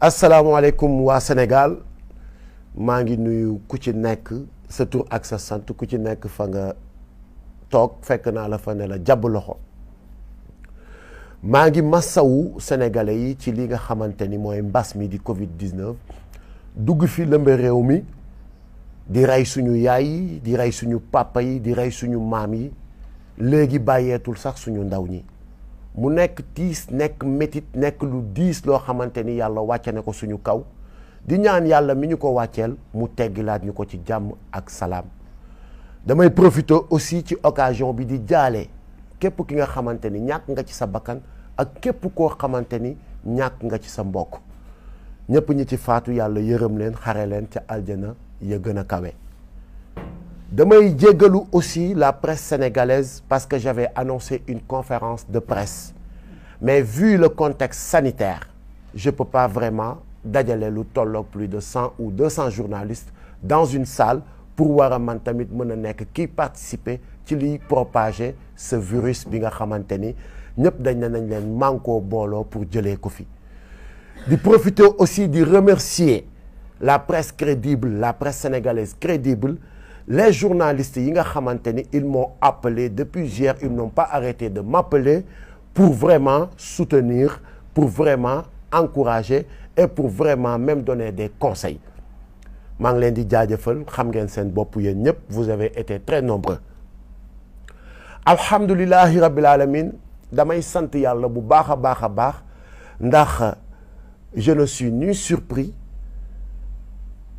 asalaamaaleykum waa Sénégal maa ngi nuyu ku ci nekk sa tur ak sa sant ku ci nekk fa nga toog fekk naa la fa ne la jàbb loxo maa ngi massawu sénégalais yi ci li nga xamante ni mooy mbas mi di Covid 19 dugg fi lëmbe réew mi di rey suñu yaay yi di rey suñu papa yi di rey suñu maam yi léegi bàyyeetul sax suñu ndaw ñi. mu nekk tiis nekk métit nekk lu diis loo xamante ni yàlla wàcce na ko suñu kaw di ñaan yàlla mu ñu ko wàcceel mu teggilaat ñu ko ci jàmm ak salaam damay profiter aussi ci occasion bi di jaale képp ki nga xamante ni ñàkk nga ci sa bakkan ak képp koo xamante ni ñàkk nga ci sa mbokk ñëpp ñi ci faatu yàlla yërëm leen xare leen ca aljana ya gën a kawe damay jéggalu aussi la presse sénégalaise parce que j'avais annoncé une conférence de presse mais vu le contexte sanitaire je peux pas vraiment dajale lu tolloog plus de cent ou deux cents journalistes dans une salle pour war a man tamit mën a nekk kii participer ci liy propager ce virus bi nga xamante ni ñëpp dañ ne nañ leen mànkoo booloo pour jëlee ko fi di profiter aussi di remercier la presse crédible la presse sénégalaise crédible les journalistes yi nga xamante ni ils m'ont appelé depuis hier ils n'ont pas arrêté de m'appeler pour vraiment soutenir pour vraiment encourager et pour vraiment même donner des conseils maa ngi leen di jaajëfal xam ngeen seen bopp yéen ñëpp vous avez été très nombreux alhamdulilahi rabbil alamin damay sant yàlla bu baax a baax a baax ndax je ne suis ni surpris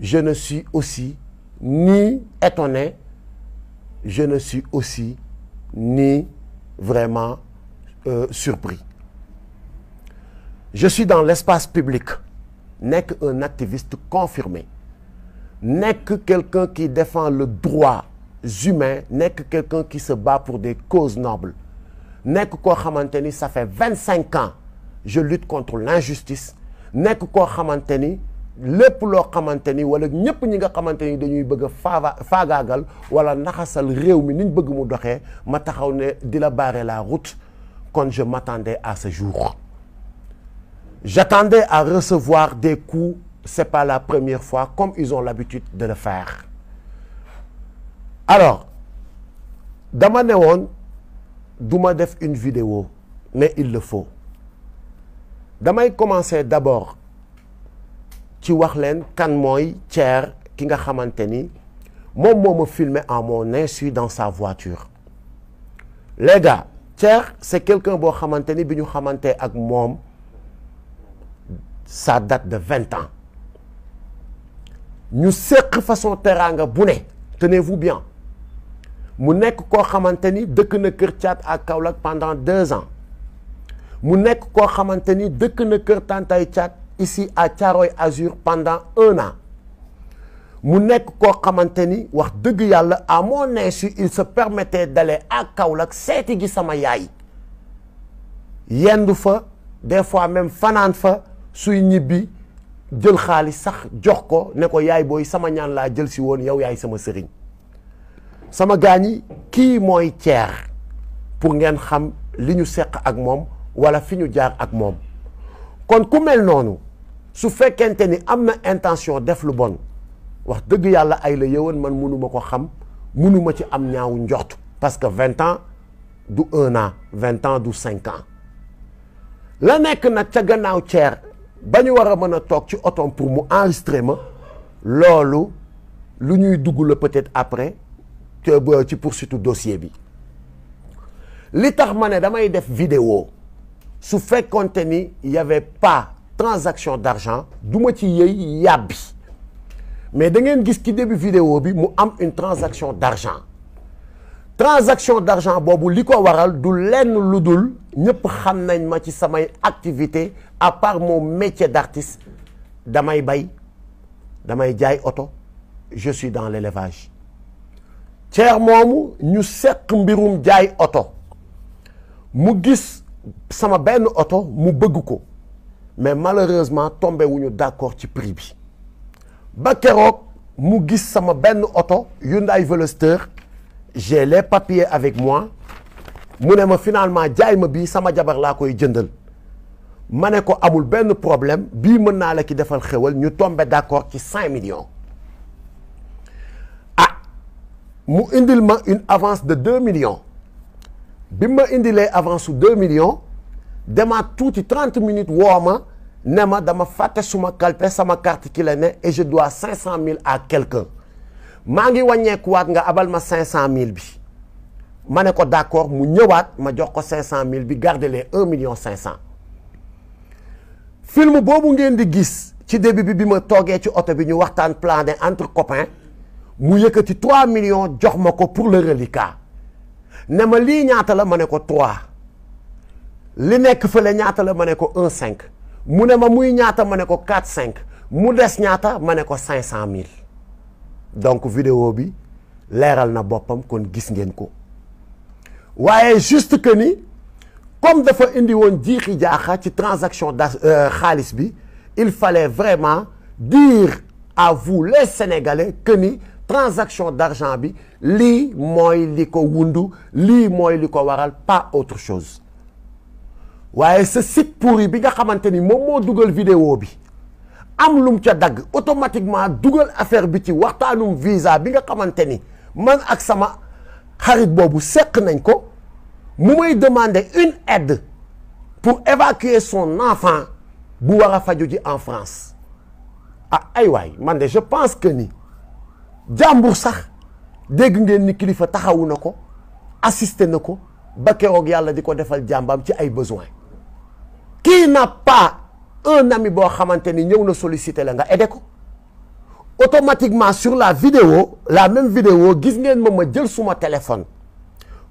je ne suis aussi ni étonné, je ne suis aussi ni vraiment euh, surpris. Je suis dans l'espace public, n'est qu'un activiste confirmé, n'est que quelqu'un qui défend le droit humain, n'est que quelqu'un qui se bat pour des causes nobles, n'est que quoi ça fait 25 ans, je lutte contre l'injustice, n'est que quoi lépp loo xamante ni wala ñëpp ñi nga xamante ni dañuy bëgg a faava faagaagal wala naxasal réew mi niñ bëgg mu doxee ma taxaw ne di la barrer la route kon je m'attendais à ce jour j'attendais à recevoir des coups c'est pas la première fois comme ils ont l'habitude de le faire alors dama ne woon duma def une vidéo mais il le faut damay commencer d'abord ci wax leen kan mooy Thier ki nga xamante ni moom moo ma filmé en mon insu dans sa voiture les gars Thier c'est quelqu'un boo xamante ni bi ñu xamante ak moom ça date de vingt ans ñu séq façon teraanga bu ne tenez-vous bien mu nekk koo xamante ni dëkk na kër Thiat ak Kaolack pendant deux ans mu nekk koo xamante ni dëkk na kër Tantay Thiat ici à Thiaroye Azur pendant un an mu nekk koo xamante ni wax dëgg yàlla à mon insu il se permettait d'aller à Kaolack seeti gi sama yaay yendu fa des fois même fanaan fa suy ñibbi jël xaalis sax jox ko ne ko yaay booy sama ñaan laa jël si woon yow yaay sama sëriñ sama gaa ñi kii mooy ceer pour ngeen xam li ñu seq ak moom wala fi ñu jaar ak moom kon ku mel noonu su fekkente ni am na intention def lu bon wax dëgg yàlla ay la yëwan man mënuma ko xam munuma ci am ñaawu njort parce que vingt ans du un an vingt ans du cinq ans la nekk nag ca gannaaw ceer ba ñu war a mën a toog ci otom pour mu enregistrer ma loolu lu ñuy dugg la peut-être après ci pour poursuite dossier bi li tax ma ne damay def vidéo su fekkonte ni y avait pas transaction d'argent du ma ci yëy yàbbi mais da ngeen gis ci début vidéo bi mu am une transaction d'argent transaction d'argent boobu li ko waral du lenn lu dul ñëpp xam nañ ma ci samay activité à part mon métier d'artiste damay bay damay jaay oto je suis dans l'élevage ceer moomu ñu seq mbirum jaay oto mu gis sama benn oto mu bëgg ko mais malheureusement tombé wuñu d'accord ci prix bi ba keroog mu gis sama benn oto Hyundai Veloster j'ai les papiers avec moi mu ne ma finalement jaay ma bii sama jabar laa koy jëndal ma ne ko amul benn problème bii mën naa la ki defal xéwal ñu tombé d'accord ci cinq millions ah mu indil ma une avance de deux millions bi ma indilee avance su deux millions demaat tuuti 30 minutes woo ma ne ma dama fàtte suma kalpe sama carte ki la ne et je dois mille à quelqu'un maa ngi wàññeekuwaat nga abal ma cinq cent mille bi ma ne ko d'accord mu ñëwaat ma jox ko cinq cent mille bi garder les 1 million 500. film boobu ngeen di gis ci début bi bi ma toogee ci oto bi ñu waxtaan plané entre copains mu yëkkati 3 million jox ma ko pour le reliquat ne ma lii ñaata la ma ne ko 3. li nekk fële ñaata la ma ne ko un cinq mu ne ma muy ñaata ma ne ko quatre cinq mu des ñaata ma ne ko cinq cent mille donc vidéo bi leeral na boppam kon gis ngeen ko waaye juste que ni comme dafa indi woon jiixi jaaxa ci transaction da euh, xaalis bi il fallait vraiment dire à vous les sénégalais que ni transaction d'argent bi lii mooy li ko wundu lii mooy li ko waral pas autre chose waaye sa site pourri bi nga xamante ni moom moo dugal vidéo bi am lum ca dagg automatiquement dugal affaire bi ci waxtaanum visa bi nga xamante ni man ak sama xarit boobu seq nañ ko mu may demande une aide pour évacuer son enfant bu war a faju ji en France ah ay waay man de je pense que ni jàmbur sax dégg ngeen ni kilifa taxawu na ko assisté na ko ba yàlla di ko defal jàmbam ci ay besoin qui n'a pas un ami boo xamante ni ñëw na solliciter la nga aidé ko automatiquement sur la vidéo la même vidéo gis ngeen ma ma jël suma téléphone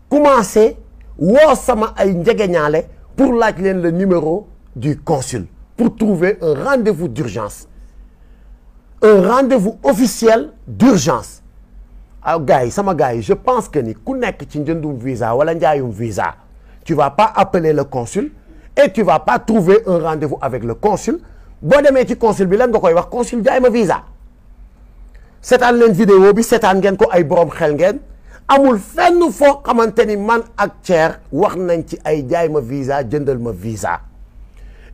commencé woo sama ay njegeñaale pour laaj leen le numéro du consul pour trouver un rendez-vous d'urgence un rendez-vous officiel d'urgence ah gars yi sama gars yi je pense que ni ku nekk ci njëndum visa wala njaayum visa tu vas pas appeler le consul et tu vas pas trouver un rendez avec le consul boo demee ci consul bi lan nga koy wax consul jaay ma visa seetaan leen vidéo bi seetaan ngeen ko ay borom xel ngeen amul fenn foo xamante ni man ak Thier wax nañ ci ay jaay ma visa jëndal ma visa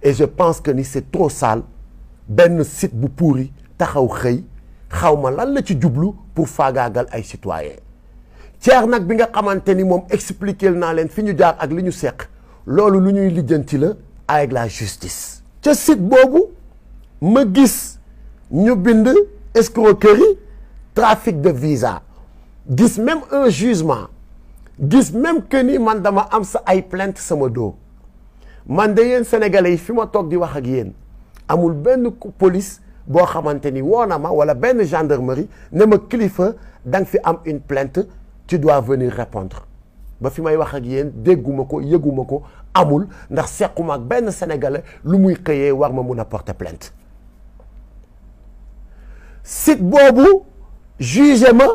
et je pense que ni c'est trop sale benn site bu pourri taxaw xëy xaw ma lan la ci jublu pour faagaagal ay citoyens Thier nag bi nga xamante ni moom expliquer naa leen fi ñu jaar ak li ñu seq loolu lu ñuy lijjanti la avec la justice ca site boobu ma gis ñu bind escroquerie trafic de visa gis même un jugement gis même que ni man dama am sa ay plainte sama doo man de yéen sénégalais yi fi ma toog di wax ak yéen amul benn police boo xamante ni woo na ma wala benn gendarmerie ne ma kilifa da nga fi am une plainte tu dois venir répondre ba fi may wax ak yéen dégguma ko yëguma ko amul ndax sequma ak benn sénégalais lu muy xëyee war ma mu a porter plainte site boobu jugé ma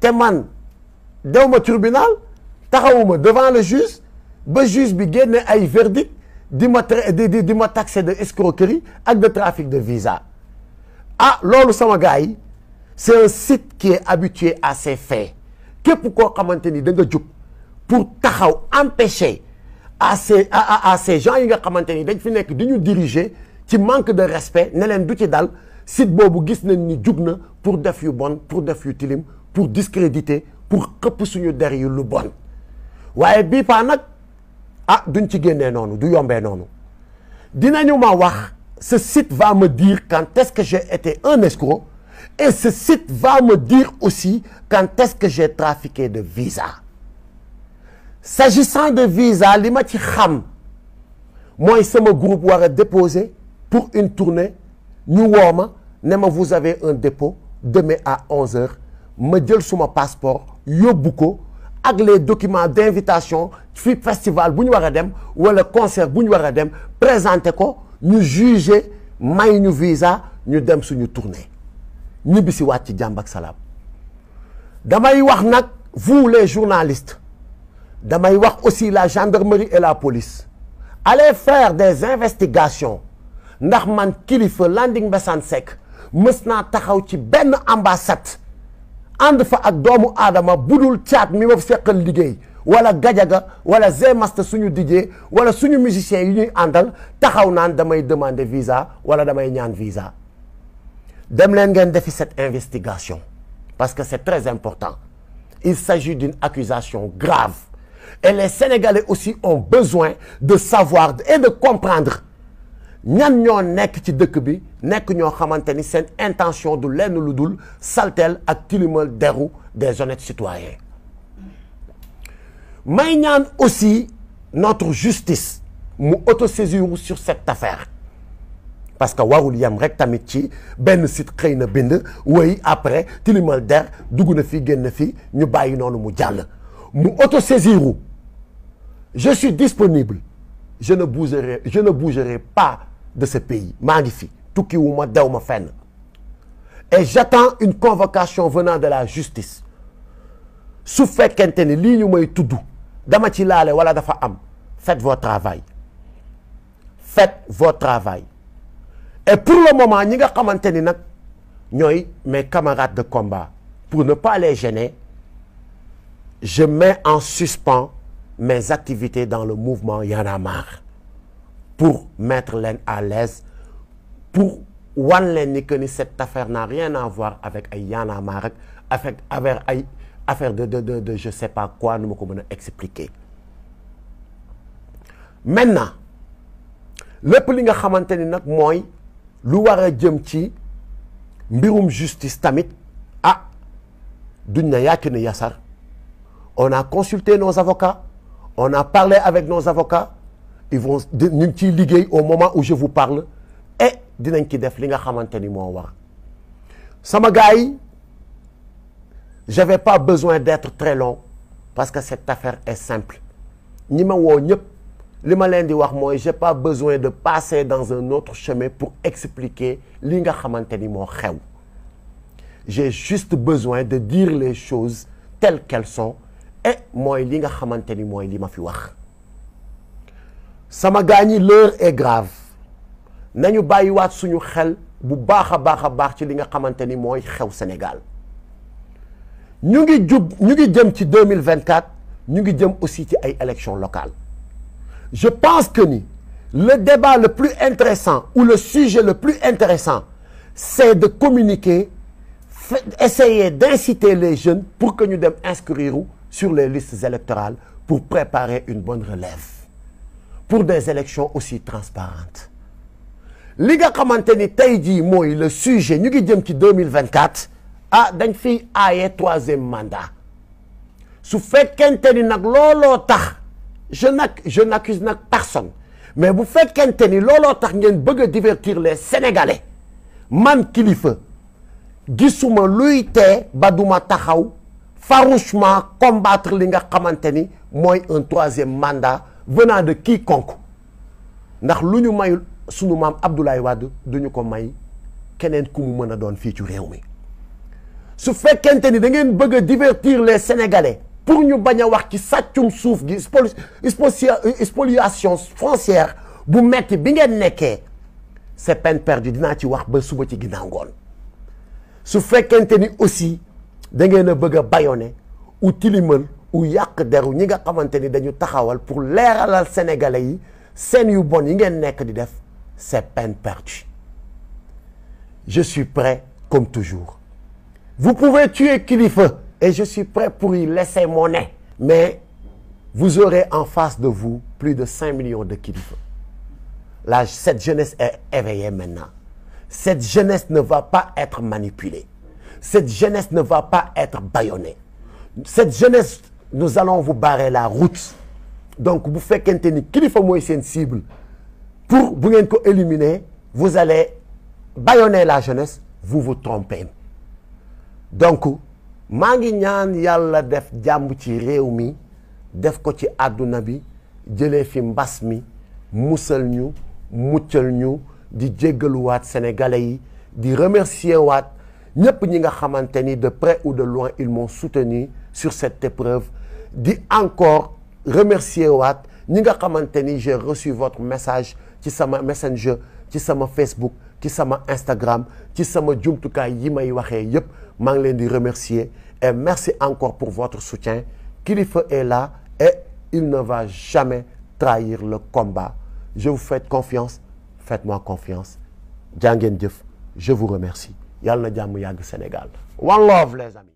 te man dew ma tribunal taxawuma devant le juge ba juge bi génne ay verdict di ma di di ma taxé de escroquerie ak de trafic de visa ah loolu sama gars yi c'est un site qui est habitué à ces faits képp koo xamante ni da nga jub pour taxaw empêcher à ces à à ces yi nga xamante ni dañ fi nekk di ñu diriger ci manque de respect ne leen du ci dal site boobu gis nañ ni jug na pour def yu bon pour def yu tilim pour discréditer pour xëpp suñu der yu lu bon waaye bii paa nag ah duñ ci génnee noonu du yombee noonu dina dinañu ma wax ce site va me dire quand est-ce que j'ai été un escroc et ce site va me dire aussi quand est-ce que j'ai trafiqué de visa s'agissant de visa li ma ci xam mooy sama groupe war a déposer pour une tournée ñu woo ma ne ma vous avez un dépôt demain à 11h ma jël suma passeport yóbbu ko ak les documents d'invitation fi festival bu ñu war a dem wala concert bu ñu war a dem présenter ko ñu juger may ñu visa ñu dem suñu tournée ñibbisi waat ci jàmm ak damay wax nag vous les journalistes damay wax aussi la gendarmerie et la police allez faire des investigations ndax man kilifa Landing Mbessane Seck mës naa taxaw ci benn ambassade ànd fa ak doomu aadama budul caat mi ma seqal liggéey wala gajaga wala zmasta suñu DJ wala suñu musiciens yi ñuy àndal taxaw naan damay demander visa wala damay ñaan visa dem leen ngeen defi cette investigation parce que c'est très important il s'agit d'une accusation grave et les Sénégalais aussi ont besoin de savoir et de comprendre ñan ñoo nekk ci dëkk bi nekk ñoo xamante ni seen intention du lenn lu dul salteel ak tilimal deru des honnêtes citoyens may ñaan aussi notre justice mu autosaisir sur cette affaire parce que warul yem rek tamit ci benn site xëy na bind woy après tilimal der dugg na fi génn fi ñu bàyyi noonu mu jàll mu autosaisiru je suis disponible je ne bougerai je ne bougerai pas de ce pays maa ngi fi tukkiwu ma daw ma fenn et j'attends une convocation venant de la justice su fekkente ni lii ñu may tudd dama ci laale wala dafa am faites votre travail faites votre travail et pour le moment ñi nga xamante ni nag ñooy mes camarades de combat pour ne pas les gêner je mets en suspens mes activités dans le mouvement Y en a pour mettre leen à l'aise pour wan leen ni que ni cette affaire n'a rien à voir avec ay Y rek avec avec ay affaire de de de de je sais pas quoi nu ma ko mën a expliquer maintenant lépp li nga xamante ni nag mooy lu war a jëm ci mbirum justice tamit ah duñ na yàcc ni yasar on a consulté nos avocats on a parlé avec nos avocats ils vont ñu ngi ciy liggéey au moment où je vous parle et dinañ ci def li nga xamante ni moo war sama gars yi j'avais pas besoin d'être très long parce que cette affaire est simple ñi ma woo ñëpp li ma leen di wax mooy j'ai pas besoin de passer dans un autre chemin pour expliquer li nga xamante ni moo xew j'ai juste besoin de dire les choses telles qu'elles sont et eh, mooy li nga xamante ni mooy li ma fi wax sama gaa ñi l'heure est grave nañu bàyyiwaat suñu xel bu baax a baax a baax ci li nga xamante ni mooy xew Sénégal ñu ngi jub ñu ngi jëm ci 2024 ñu ngi jëm aussi ci ay élections locales je pense que ni le débat le plus intéressant ou le sujet le plus intéressant c'est de communiquer essayer d'inciter les jeunes pour que ñu dem inscrire sur les listes électorales pour préparer une bonne relève pour des élections aussi transparentes li nga xamante ni tey jii mooy le sujet ñu ngi jëm ci 2024 ah dañ fiy aye troisième mandat su fekkente ni nag looloo tax je nag je n'accuse nag personne mais bu fekkente ni looloo tax ngeen bëgg a divertir les sénégalais man kilifa gisuma luy tee baduma duma taxaw farouchement combattre li nga xamante ni mooy un troisième mandat venant de quiconque ndax lu ñu mayul sunu maam Abdoulaye Wade du ñu ko may keneen ku mu mën a doon fii ci réew mi su fekkente ni da ngeen bëgg a divertir les sénégalais pour ñu bañ a wax ci sàccum suuf gi spoliation foncière bu metti bi ngeen nekkee c'est peine perdue dinaa ci wax ba suba ci ginnaaw ngoon su fekkente ni aussi da ngeen a bëgg a bayone u tilimal u yàq deru ñi nga xamante ni dañu taxawal pour leeralal sénégalais yi seen yu bon yi ngeen nekk di def c'est peine perdue je suis prêt comme toujours vous pouvez tuer Kilifeu et je suis prêt pour y laisser mon nez mais vous aurez en face de vous plus de cinq millions de Kilifeu la cette jeunesse est éveillée maintenant cette jeunesse ne va pas être manipulée cette jeunesse ne va pas être bâillonnée cette jeunesse nous allons vous barrer la route donc bu fekkente ni kilifa mooy seen cible pour bu ngeen ko éliminer vous allez bâillonner la jeunesse vous vous trompez donc maa ngi ñaan yàlla def jàmb ci réew mi def ko ci àdduna bi jëlee fi mbas mi musal ñu muccal ñu di jéggaluwaat sénégalais yi di remercier waat ñëpp ñi nga xamante ni de près ou de loin ils m'ont soutenu sur cette épreuve di encore remercier waat ñi nga xamante ni j'ai reçu votre message ci sama messenger ci sama Facebook ci sama Instagram ci sama jumtukaay yi may waxee yépp maa ngi leen di remercier et merci encore pour votre soutien Kilifeu est là et il ne va jamais trahir le combat je vous fais confiance faites-moi confiance jaa ngeen jëf je vous remercie yàlla na jàmm yàgg Sénégal one love les amis